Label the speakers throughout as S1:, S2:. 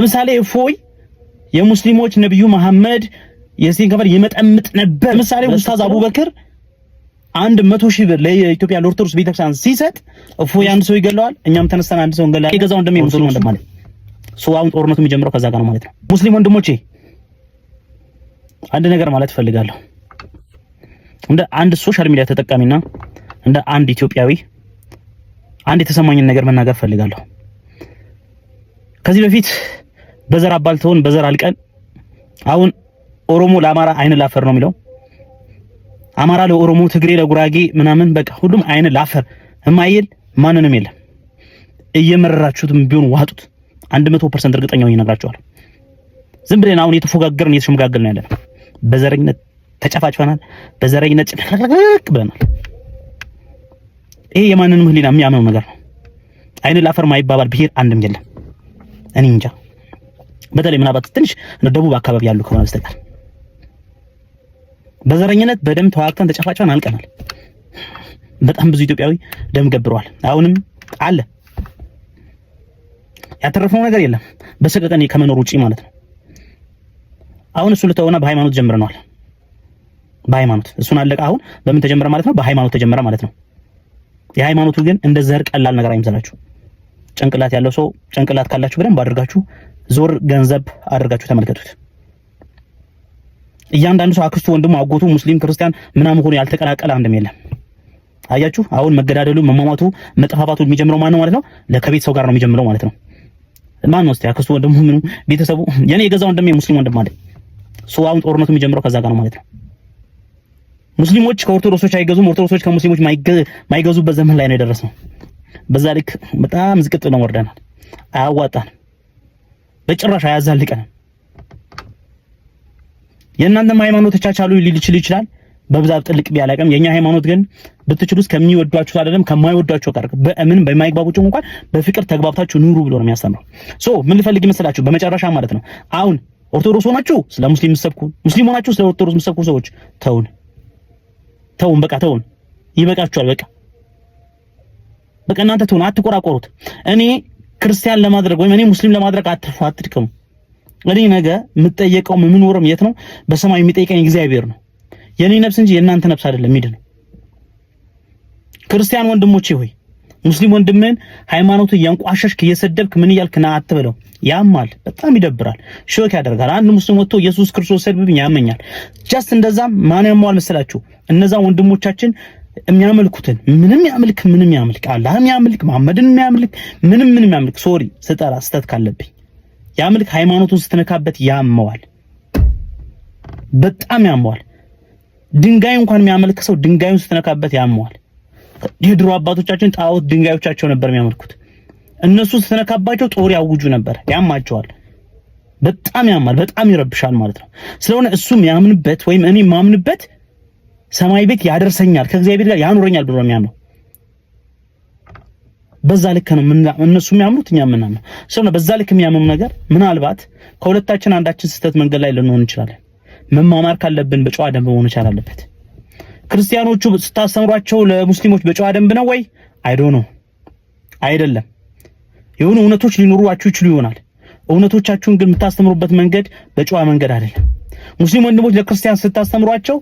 S1: ለምሳሌ እፎይ የሙስሊሞች ነብዩ መሐመድ የሴን ከበር ይመጠምጥ ነበር። ለምሳሌ ኡስታዝ አቡበክር አንድ መቶ ሺህ ብር ለኢትዮጵያ ኦርቶዶክስ ቤተክርስቲያን ሲሰጥ እፎይ አንድ ሰው ይገለዋል፣ እኛም ተነስተን አንድ ሰው እንገለዋል። የገዛው እንደም ሙስሊም ወንድም ማለት ነው። አሁን ጦርነቱ የሚጀምረው ከዛ ጋር ነው ማለት ነው። ሙስሊም ወንድሞቼ አንድ ነገር ማለት እፈልጋለሁ። እንደ አንድ ሶሻል ሚዲያ ተጠቃሚና እንደ አንድ ኢትዮጵያዊ አንድ የተሰማኝን ነገር መናገር እፈልጋለሁ። ከዚህ በፊት በዘር አባልተውን በዘር አልቀን አሁን ኦሮሞ ለአማራ አይን ላፈር ነው የሚለው አማራ ለኦሮሞ ትግሬ ለጉራጌ ምናምን በቃ ሁሉም አይን ላፈር የማይል ማንንም የለም። እየመረራችሁትም ቢሆን ዋጡት። 100% እርግጠኛ ሆኜ እነግራችኋለሁ። ዝም ብለን አሁን የተፎጋገርን የተሸመጋገልን ነው በዘረኝነት ተጨፋጭፈናል። በዘረኝነት ጭንቅልቅልቅ ብለናል። ይሄ የማንንም ሕሊና የሚያምነው ነገር ነው። አይን ላፈር ማይባባል ብሄር አንድም የለም። እኔ እንጃ በተለይ ምናባት ትንሽ ደቡብ አካባቢ ያሉ ከሆነ በስተቀር በዘረኝነት በደም ተዋግተን ተጨፋጭፈን አንቀናል። በጣም ብዙ ኢትዮጵያዊ ደም ገብረዋል። አሁንም አለ። ያተረፈው ነገር የለም በሰቀቀን ከመኖር ውጪ ማለት ነው። አሁን እሱ ልተውና በሃይማኖት ጀምረነዋል። በሃይማኖት እሱን አለቀ። አሁን በምን ተጀመረ ማለት ነው? በሃይማኖት ተጀመረ ማለት ነው። የሃይማኖቱ ግን እንደ ዘር ቀላል ነገር አይምሰላችሁ። ጭንቅላት ያለው ሰው ጭንቅላት ካላችሁ በደንብ አድርጋችሁ ዞር ገንዘብ አድርጋችሁ ተመልከቱት። እያንዳንዱ ሰው አክስቱ፣ ወንድሙ፣ አጎቱ ሙስሊም፣ ክርስቲያን ምናምን ሆኖ ያልተቀላቀለ አንድም የለም። አያችሁ፣ አሁን መገዳደሉ፣ መሟሟቱ፣ መጠፋፋቱ የሚጀምረው ማን ነው ማለት ነው? ሰው ጋር ነው የሚጀምረው ማለት ነው። ማን ነው እስቲ አክስቱ፣ ወንድሙ፣ ምኑ፣ ቤተሰቡ? የኔ የገዛ ወንድም የሙስሊም ወንድም አለ። አሁን ጦርነቱ የሚጀምረው ከዛ ጋር ነው ማለት ነው። ሙስሊሞች ከኦርቶዶክሶች አይገዙም፣ ኦርቶዶክሶች ከሙስሊሞች ማይገዙበት ዘመን ላይ ነው የደረሰው። በዛ ልክ በጣም ዝቅጥ ነው ወርደናል። አያዋጣን በጭራሽ አያዛልቀንም። የእናንተም ሃይማኖት ተቻቻሉ ሊችል ይችላል በብዛት ጥልቅ ቢያላቀም የኛ ሃይማኖት ግን ብትችሉስ ከሚወዷችሁ አይደለም ከማይወዷችሁ ጋር በእምን በማይግባቡችሁ እንኳን በፍቅር ተግባብታችሁ ኑሩ ብሎ ነው የሚያስተምረው። ሶ ምን ልፈልግ ይመስላችሁ? በመጨረሻ ማለት ነው አሁን ኦርቶዶክስ ሆናችሁ ስለ ሙስሊም ምሰብኩ፣ ሙስሊም ሆናችሁ ስለ ኦርቶዶክስ ምሰብኩ ሰዎች ተውን፣ ተውን፣ በቃ ተውን፣ ይበቃችኋል፣ በቃ በቃ እናንተ ትሆኑ አትቆራቆሩት። እኔ ክርስቲያን ለማድረግ ወይም እኔ ሙስሊም ለማድረግ አትርፉ አትድከሙ። እኔ ነገ የምጠየቀው የምኖርም የት ነው? በሰማይ የሚጠይቀኝ እግዚአብሔር ነው። የእኔ ነፍስ እንጂ የእናንተ ነፍስ አይደለም ነው ክርስቲያን ወንድሞቼ ሆይ ሙስሊም ወንድምን ሃይማኖቱ እያንቋሸሽክ እየሰደብክ ምን እያልክ ና አትበለው። ያማል፣ በጣም ይደብራል፣ ሾክ ያደርጋል። አንድ ሙስሊም ወጥቶ ኢየሱስ ክርስቶስ ሰድብኝ ያመኛል። ጃስት እንደዛም ማን ያመዋል መሰላችሁ? እነዛ ወንድሞቻችን የሚያመልኩትን ምንም ያምልክ ምንም ያምልክ አላህም ያምልክ መሐመድን የሚያምልክ ምንም ምንም ያምልክ ሶሪ ስጠራ ስተት ካለብኝ ያምልክ ሃይማኖቱን ስትነካበት ያመዋል፣ በጣም ያመዋል። ድንጋይ እንኳን የሚያመልክ ሰው ድንጋዩን ስትነካበት ያመዋል። የድሮ አባቶቻችን ጣዖት ድንጋዮቻቸው ነበር የሚያመልኩት። እነሱ ስትነካባቸው ጦር ያውጁ ነበር። ያማቸዋል፣ በጣም ያማል፣ በጣም ይረብሻል ማለት ነው። ስለሆነ እሱ የሚያምንበት ወይም እኔ የማምንበት ሰማይ ቤት ያደርሰኛል፣ ከእግዚአብሔር ጋር ያኖረኛል ብሎ የሚያምነው በዛ ልክ ነው። እነሱ የሚያምኑት እኛ የምናምነው ስለሆነ በዛ ልክ የሚያምኑ ነገር ምናልባት ከሁለታችን አንዳችን ስህተት መንገድ ላይ ልንሆን እንችላለን። መማማር ካለብን በጨዋ ደንብ መሆን ይቻል አለበት። ክርስቲያኖቹ ስታስተምሯቸው ለሙስሊሞች በጨዋ ደንብ ነው ወይ? አይዶ ነው አይደለም። የሆኑ እውነቶች ሊኖሯችሁ ይችሉ ይሆናል። እውነቶቻችሁን ግን የምታስተምሩበት መንገድ በጨዋ መንገድ አይደለም። ሙስሊም ወንድሞች ለክርስቲያን ስታስተምሯቸው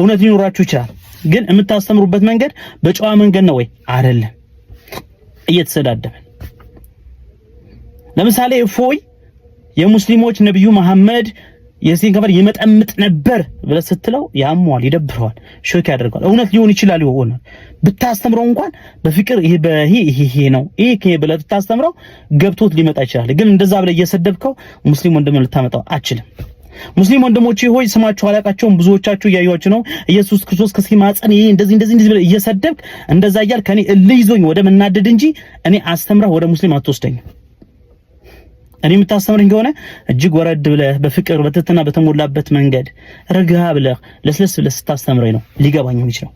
S1: እውነት ሊኖራችሁ ይችላል። ግን የምታስተምሩበት መንገድ በጨዋ መንገድ ነው ወይ? አይደለም። እየተሰዳደብን ለምሳሌ እፎይ የሙስሊሞች ነብዩ መሐመድ የዚህን ከበር ይመጠምጥ ነበር ብለ ስትለው ያሟል፣ ይደብረዋል፣ ሾክ ያደርገዋል። እውነት ሊሆን ይችላል ይሆን ብታስተምረው እንኳን በፍቅር ይሄ ይሄ ነው ይሄ ብለህ ብታስተምረው ገብቶት ሊመጣ ይችላል። ግን እንደዛ ብለ እየሰደብከው ሙስሊም ወንድም ልታመጣው አችልም። ሙስሊም ወንድሞቼ ሆይ ስማችሁ አላቃቸውም። ብዙዎቻችሁ እያዩዋችሁ ነው። ኢየሱስ ክርስቶስ ከሲማጸን ይሄ እንደዚህ እንደዚህ እንደዚህ ብለህ እየሰደብክ እንደዛ እያልክ ከኔ እልህ ይዞኝ ወደ መናደድ እንጂ እኔ አስተምረህ ወደ ሙስሊም አትወስደኝ። እኔ የምታስተምረኝ ከሆነ እጅግ ወረድ ብለህ በፍቅር በትህትና በተሞላበት መንገድ ረጋ ብለህ ለስለስ ብለህ ስታስተምረኝ ነው ሊገባኝ የሚችለው።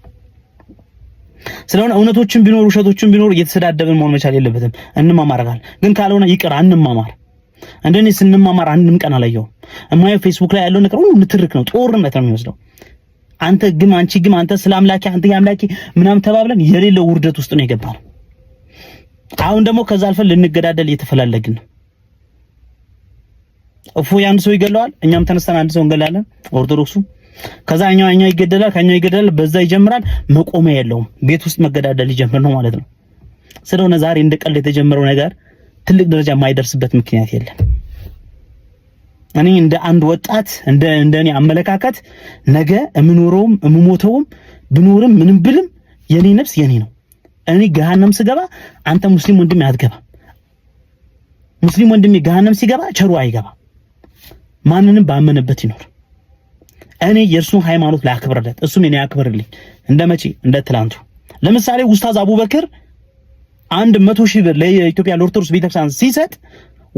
S1: ስለሆነ እውነቶችን ቢኖሩ ውሸቶችን ቢኖሩ እየተሰዳደብን መሆን መቻል የለበትም። እንማማርጋል ግን ካልሆነ ይቅር አንማማር እንደኔ ስንማማር አንድም ቀን አላየሁም። እማየው ፌስቡክ ላይ ያለው ነገር ሁሉ ንትርክ ነው፣ ጦርነት ነው የሚወስደው። አንተ ግም፣ አንቺ ግም፣ አንተ ስለ አምላኬ፣ አንተ አምላኬ ምናምን ተባብለን የሌለው ውርደት ውስጥ ነው የገባነው። አሁን ደግሞ ከዛ አልፈን ልንገዳደል እየተፈላለግን ነው። እፎ አንድ ሰው ይገለዋል፣ እኛም ተነስተን አንድ ሰው እንገላለን። ኦርቶዶክሱ ከዛ እኛው እኛው ይገደላል፣ ከኛው ይገደላል፣ በዛ ይጀምራል። መቆሚያ የለውም። ቤት ውስጥ መገዳደል ይጀምር ነው ማለት ነው። ስለሆነ ዛሬ እንደ ቀልድ የተጀመረው ነገር ትልቅ ደረጃ የማይደርስበት ምክንያት የለም። እኔ እንደ አንድ ወጣት እንደ እንደኔ አመለካከት ነገ የምኖረውም የምሞተውም ብኖርም ምንም ብልም የኔ ነፍስ የኔ ነው። እኔ ገሃነም ስገባ አንተ ሙስሊም ወንድሜ አትገባም። ሙስሊም ወንድሜ ገሃነም ሲገባ ቸሩ አይገባም። ማንንም ባመነበት ይኖር። እኔ የእርሱን ሃይማኖት ላክብርለት፣ እሱም የኔ ያክብርልኝ። እንደ መቼ እንደ ትላንቱ። ለምሳሌ ኡስታዝ አቡበክር አንድ መቶ ሺህ ብር ለኢትዮጵያ ለኦርቶዶክስ ቤተክርስቲያን ሲሰጥ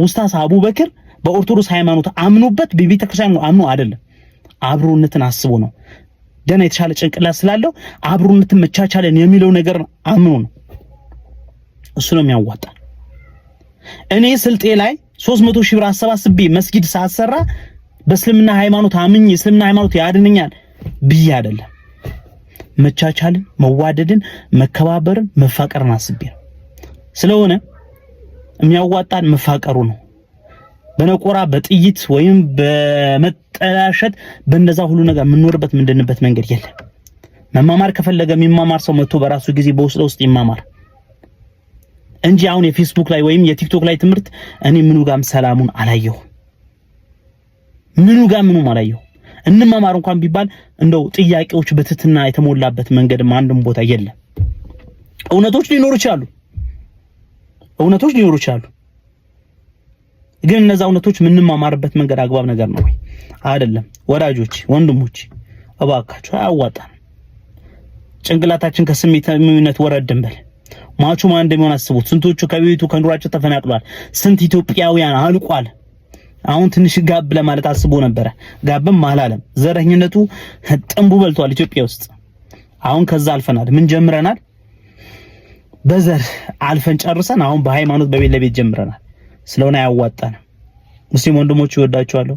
S1: ኡስታዝ አቡበክር በኦርቶዶክስ ሃይማኖት አምኖበት ቤተክርስቲያን አምኖ አይደለም፣ አብሮነትን አስቦ ነው። ደና የተሻለ ጭንቅላት ስላለው አብሮነትን መቻቻለን የሚለው ነገር አምኖ ነው። እሱ ነው የሚያዋጣ። እኔ ስልጤ ላይ 300 ሺህ ብር አሰባስቤ መስጊድ ሳሰራ በእስልምና ሃይማኖት አምኝ እስልምና ሃይማኖት ያድንኛል ብዬ አይደለም። መቻቻልን፣ መዋደድን፣ መከባበርን፣ መፋቀርን አስቤ ነው። ስለሆነ የሚያዋጣን መፋቀሩ ነው። በነቆራ በጥይት ወይም በመጠላሸት በእንደዛ ሁሉ ነገር የምንኖርበት ምንድንበት መንገድ የለም። መማማር ከፈለገ የሚማማር ሰው መጥቶ በራሱ ጊዜ በውስጥ ውስጥ ይማማር እንጂ አሁን የፌስቡክ ላይ ወይም የቲክቶክ ላይ ትምህርት እኔ ምኑ ጋም ሰላሙን አላየሁ፣ ምኑ ጋም ምኑም አላየሁ። እንማማር እንኳን ቢባል እንደው ጥያቄዎች በትትና የተሞላበት መንገድም አንድም ቦታ የለም። እውነቶች ሊኖሩ ይችላሉ። እውነቶች ሊኖሩ ይችላሉ። ግን እነዛ እውነቶች የምንማማርበት መንገድ አግባብ ነገር ነው ወይ አይደለም? ወዳጆች፣ ወንድሞች እባካችሁ አያዋጣም። ጭንቅላታችን ከስሜታዊነት ወረድ እንበል። ማቹ ማን እንደሚሆን አስቡት። ስንቶቹ ከቤቱ ከኑሯቸው ተፈናቅሏል። ስንት ኢትዮጵያውያን አልቋል። አሁን ትንሽ ጋብ ለማለት አስቦ ነበረ፣ ጋብም አላለም። ዘረኝነቱ ጥንቡ በልቷል ኢትዮጵያ ውስጥ። አሁን ከዛ አልፈናል። ምን ጀምረናል? በዘር አልፈን ጨርሰን አሁን በሃይማኖት በቤት ለቤት ጀምረናል። ስለሆነ አያዋጣንም። ሙስሊም ወንድሞች ይወዳችኋለሁ።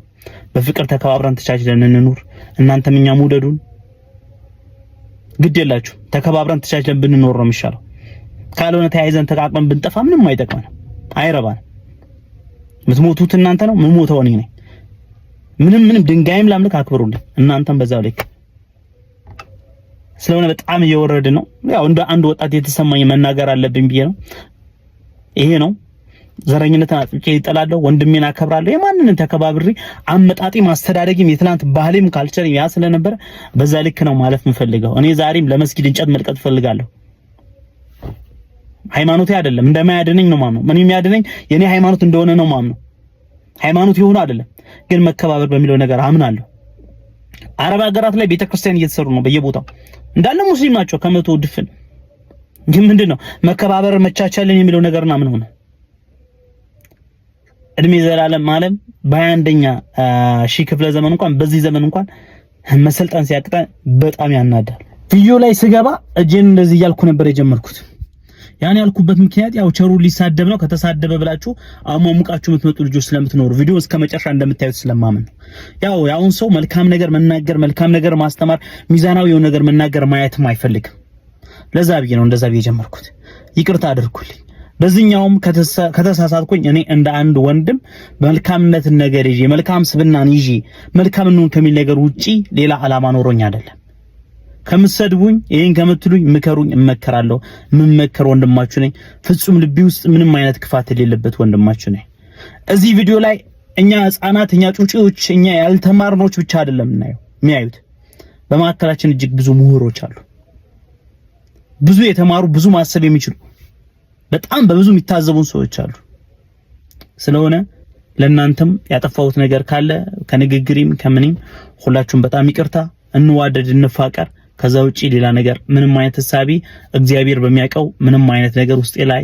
S1: በፍቅር ተከባብረን ተቻችለን እንኑር። እናንተም እኛም ውደዱን። ግድ የላችሁ ተከባብረን ተቻችለን ብንኖር ነው የሚሻለው። ካልሆነ ተያይዘን ተቃቅመን ብንጠፋ ምንም አይጠቅመንም፣ አይረባንም። የምትሞቱት እናንተ ነው፣ የምሞተው እኔ ነኝ። ምንም ምንም ድንጋይም ላምልክ አክብሩልኝ፣ እናንተም በዛው ልክ ስለሆነ በጣም እየወረድ ነው። ያው እንደ አንድ ወጣት የተሰማኝ መናገር አለብኝ ብዬ ነው። ይሄ ነው ዘረኝነትን አጥብቄ ይጠላለሁ። ወንድሜን አከብራለሁ። የማንንም ተከባብሪ አመጣጤም ማስተዳደግም የትናንት ባህሌም ካልቸር ያ ስለነበረ በዛ ልክ ነው ማለፍ የምፈልገው። እኔ ዛሬም ለመስጊድ እንጨት መልቀጥ እፈልጋለሁ። ሃይማኖቴ አይደለም እንደማያድነኝ ነው ማምነው። ምን የሚያድነኝ የኔ ሃይማኖት እንደሆነ ነው ማምነው። ሃይማኖት የሆነ አይደለም ግን መከባበር በሚለው ነገር አምናለሁ። አረብ ሀገራት ላይ ቤተክርስቲያን እየተሰሩ ነው በየቦታው እንዳለ ሙስሊም ናቸው ከመቶ ድፍን። ግን ምንድን ነው መከባበር መቻቻልን የሚለው ነገር ምን ሆነ? እድሜ ዘላለም ዓለም በአንደኛ አንደኛ ሺህ ክፍለ ዘመን እንኳን በዚህ ዘመን እንኳን መሰልጠን ሲያቅጠን በጣም ያናዳል። ቪዲዮ ላይ ስገባ እጄን እንደዚህ እያልኩ ነበር የጀመርኩት። ያን ያልኩበት ምክንያት ያው ቸሩ ሊሳደብ ነው። ከተሳደበ ብላችሁ አሟሙቃችሁ የምትመጡ ልጆች ስለምትኖሩ ቪዲዮ እስከ መጨረሻ እንደምታዩት ስለማምን ነው። ያው ያሁን ሰው መልካም ነገር መናገር፣ መልካም ነገር ማስተማር፣ ሚዛናዊ የሆነ ነገር መናገር ማየትም አይፈልግም። ለዛ ብዬ ነው እንደዛ ብዬ ጀመርኩት። ይቅርታ አድርጉልኝ። በዚህኛውም ከተሳሳትኩኝ እኔ እንደ አንድ ወንድም መልካምነትን ነገር ይዤ መልካም ስብናን ይዤ መልካምነቱን ከሚል ነገር ውጪ ሌላ ዓላማ ኖሮኝ አይደለም። ከምትሰድቡኝ፣ ይሄን ከምትሉኝ ምከሩኝ፣ እመከራለሁ። የምመከር ወንድማችሁ ነኝ። ፍጹም ልቢ ውስጥ ምንም አይነት ክፋት የሌለበት ወንድማችሁ ነኝ። እዚህ ቪዲዮ ላይ እኛ ህፃናት፣ እኛ ጩጪዎች፣ እኛ ያልተማርኖች ብቻ አይደለም እናየው የሚያዩት በመካከላችን እጅግ ብዙ ምሁሮች አሉ። ብዙ የተማሩ ብዙ ማሰብ የሚችሉ በጣም በብዙ የሚታዘቡን ሰዎች አሉ። ስለሆነ ለእናንተም ያጠፋሁት ነገር ካለ ከንግግሪም ከምንም ሁላችሁም በጣም ይቅርታ። እንዋደድ፣ እንፋቀር። ከዛ ውጪ ሌላ ነገር ምንም አይነት ተሳቢ እግዚአብሔር በሚያውቀው ምንም አይነት ነገር ውስጤ ላይ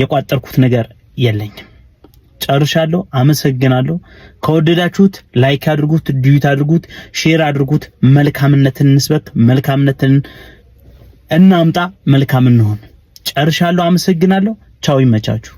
S1: የቋጠርኩት ነገር የለኝም። ጨርሻለሁ። አመሰግናለሁ። ከወደዳችሁት ላይክ አድርጉት፣ ዲዩት አድርጉት፣ ሼር አድርጉት። መልካምነትን እንስበት፣ መልካምነትን እናምጣ፣ መልካም እንሆን። ጨርሻለሁ። አመሰግናለሁ። ቻው፣ ይመቻችሁ።